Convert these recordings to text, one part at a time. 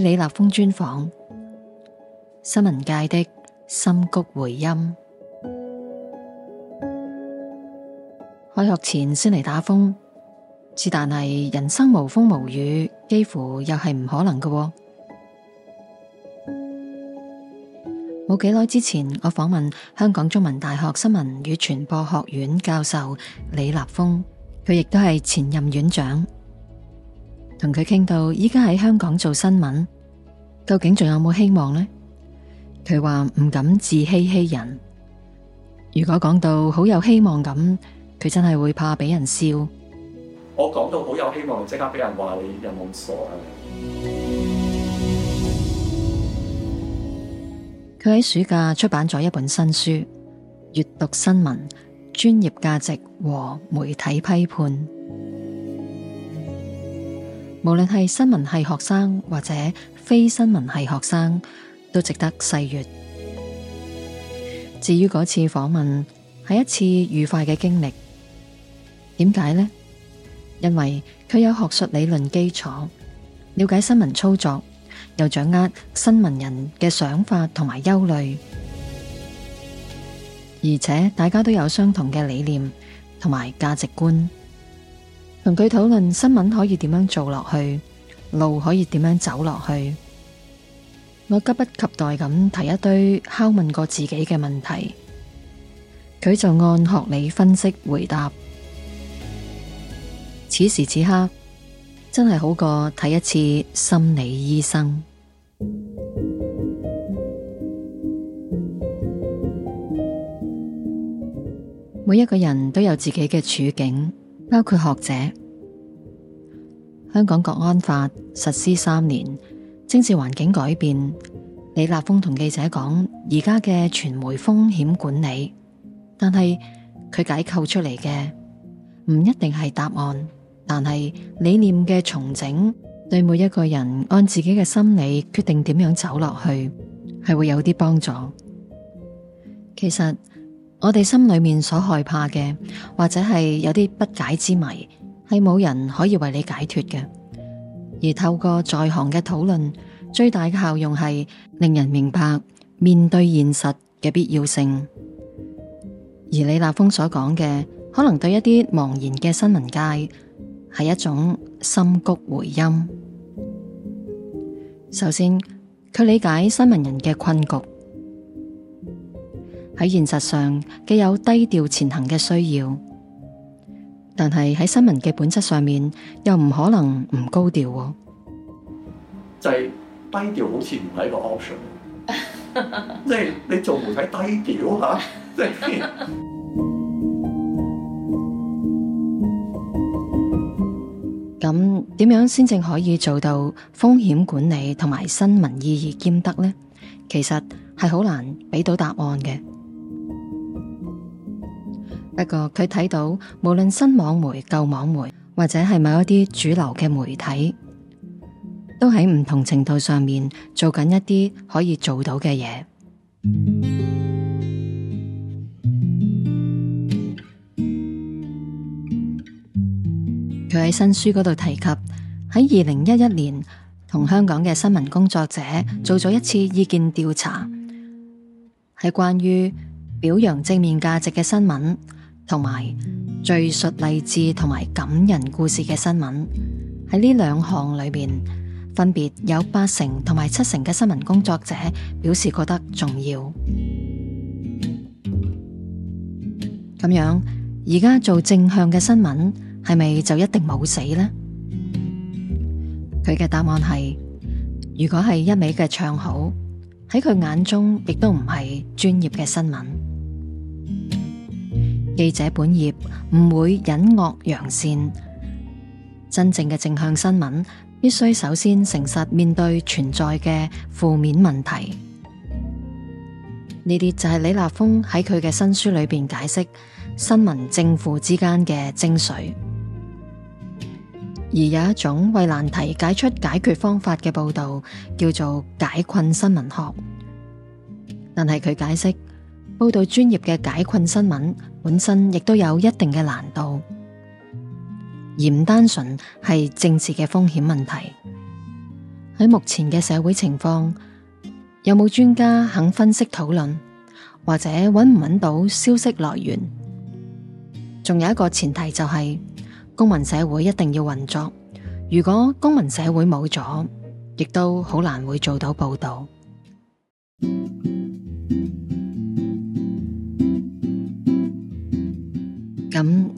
李立峯專訪：新聞界的深谷迴音。開學前先嚟打風，似但係人生無風無雨，幾乎又係唔可能噶。冇幾耐之前，我訪問香港中文大學新聞與傳播學院教授李立峯，佢亦都係前任院長。同佢傾到，依家喺香港做新聞，究竟仲有冇希望呢？佢話唔敢自欺欺人。如果講到好有希望咁，佢真係會怕俾人笑。我講到好有希望，即刻俾人話你有冇咁傻啊！佢喺暑假出版咗一本新書《閱讀新聞專業價值和媒體批判》。無論係新聞系學生或者非新聞系學生，都值得細閱。至於嗰次訪問，係一次愉快嘅經歷。點解呢？因為佢有學術理論基礎，了解新聞操作，又掌握新聞人嘅想法同埋憂慮，而且大家都有相同嘅理念同埋價值觀。同佢討論新聞可以點樣做落去，路可以點樣走落去。我急不及待咁提一堆拷問過自己嘅問題，佢就按學理分析回答。此時此刻，真係好過睇一次心理醫生。每一個人都有自己嘅處境。包括學者，香港國安法實施三年，政治環境改變。李立峰同記者講，而家嘅傳媒風險管理，但係佢解構出嚟嘅，唔一定係答案，但係理念嘅重整，對每一個人按自己嘅心理決定點樣走落去，係會有啲幫助。其實。我哋心裏面所害怕嘅，或者係有啲不解之謎，係冇人可以為你解脫嘅。而透過在行嘅討論，最大嘅效用係令人明白面對現實嘅必要性。而李立峰所講嘅，可能對一啲茫然嘅新聞界，係一種深谷迴音。首先，佢理解新聞人嘅困局。喺現實上，既有低調前行嘅需要，但係喺新聞嘅本質上面，又唔可能唔高調喎。就係低調，好似唔係一個 option。 即係你你做媒體低調吓，即係咁點樣先至可以做到風險管理同埋新聞意義兼得呢？其實係好難俾到答案嘅。不過佢睇到，無論新網媒、舊網媒，或者係某一啲主流嘅媒體，都喺唔同程度上面做緊一啲可以做到嘅嘢。佢喺新書嗰度提及，喺二零一一年同香港嘅新聞工作者做咗一次意見調查，係關於表揚正面價值嘅新聞。同埋敘述勵志同埋感人故事嘅新聞，喺呢兩項裏面，分別有八成同埋七成嘅新聞工作者表示覺得重要。咁樣，而家做正向嘅新聞，係咪就一定冇死呢？佢嘅答案係：如果係一味嘅唱好，喺佢眼中亦都唔係專業嘅新聞。記者本業唔會隱惡揚善，真正嘅正向新聞必須首先誠實面對存在嘅負面問題。呢啲就係李立峯喺佢嘅新書裏邊解釋新聞正負之間嘅精髓。而有一種為難題解出解決方法嘅報道，叫做解困新聞學。但係佢解釋，報道專業嘅解困新聞，本身亦都有一定嘅難度，而唔單純係政治嘅風險問題，喺目前嘅社會情況，有冇專家肯分析討論，或者揾唔揾到消息來源？仲有一個前提就係、是、公民社會一定要運作。如果公民社會冇咗，亦都好難會做到報道。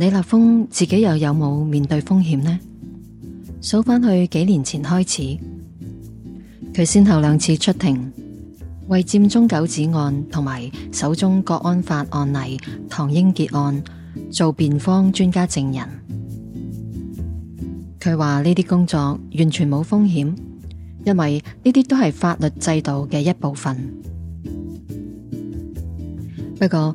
李立峯自己又有冇面對風險呢？數返去幾年前開始，佢先後兩次出庭，為佔中九子案同埋首宗國安法案例唐英傑案做辯方專家證人。佢話呢啲工作完全冇風險，因為呢啲都係法律制度嘅一部分。不過，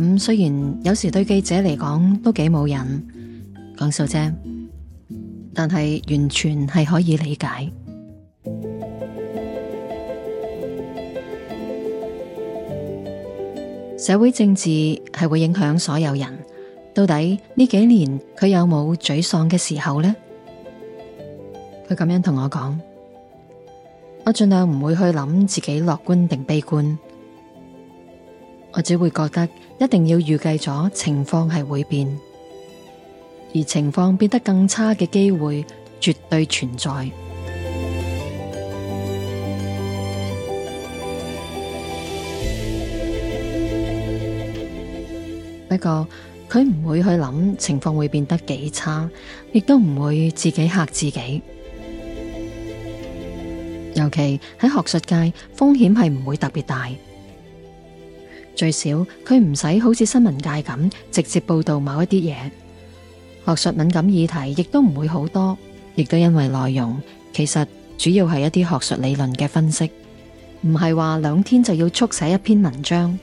咁雖然有時對記者嚟講都幾冇癮，講笑啫，但係完全係可以理解。社會政治係會影響所有人。到底呢幾年佢有冇沮喪嘅時候呢？佢咁樣同我講，我盡量唔會去諗自己樂觀定悲觀。我只會覺得一定要預計咗情況係會變，而情況變得更差嘅機會絕對存在。 不過佢唔會去諗情況會變得幾差，亦都唔會自己嚇自己。尤其喺學術界，風險係唔會特別大。最少佢唔使好似新聞界咁直接報道某一啲嘢，學術敏感議題亦都唔會好多，亦都因為內容，其實主要係一啲學術理論嘅分析，唔係話兩天就要速寫一篇文章。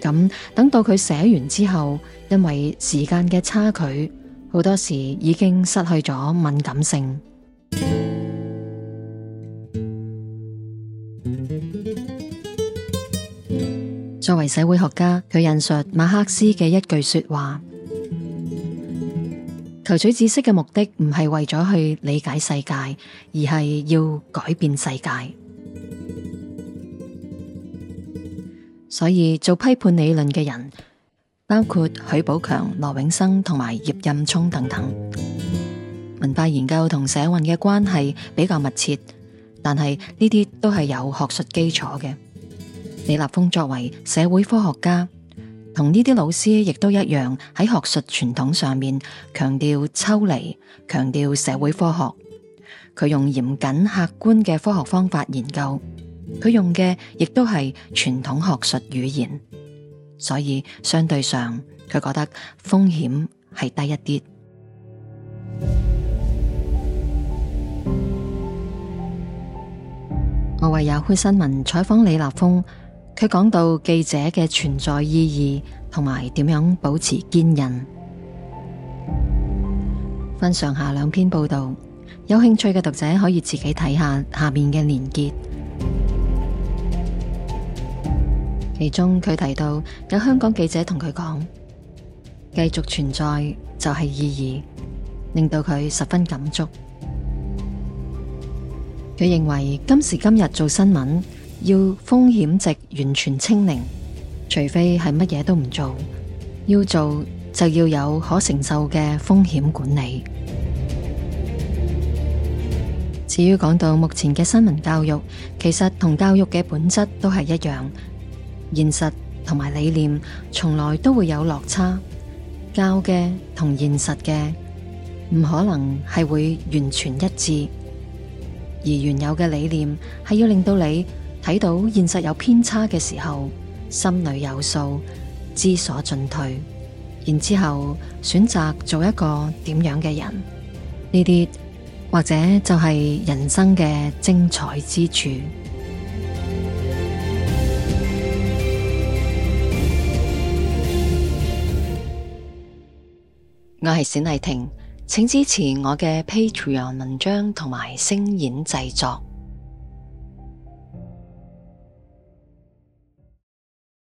咁等到佢寫完之後，因為時間嘅差距，好多時已經失去咗敏感性。作為社會學家，佢引述馬克思嘅一句說話：求取知識嘅目的唔係為咗去理解世界，而係要改變世界。所以做批判理論嘅人，包括許寶強、羅永生同埋葉蔭聰等等，文化研究同社運嘅關係比較密切，但係呢啲都係有學術基礎嘅。李立峯作為社會科學家，同呢啲老師亦都一樣喺學術傳統上面強調抽離，強調社會科學。佢用嚴謹客觀嘅科學方法研究，佢用嘅亦都係傳統學術語言，所以相對上，佢覺得風險係低一啲。我為有開新聞採訪李立峯。佢講到記者嘅存在意義同埋點樣保持堅韌，分上下兩篇報道，有興趣嘅讀者可以自己睇下下面嘅連結。其中佢提到有香港記者同佢講，繼續存在就係意義，令到佢十分感觸。佢認為今時今日做新聞。要風險值完全清零，除非係乜嘢都唔做。要做就要有可承受嘅風險管理。至於講到目前嘅新聞教育，其實同教育嘅本質都係一樣，現實同埋理念從來都會有落差，教嘅同現實嘅唔可能係會完全一致，而原有嘅理念係要令到你。睇到現實有偏差嘅時候，心裏有數，知所進退，然之後選擇做一個點樣嘅人，呢啲或者就係人生嘅精彩之處。我係冼麗婷，請支持我嘅 Patreon 文章同埋聲演製作。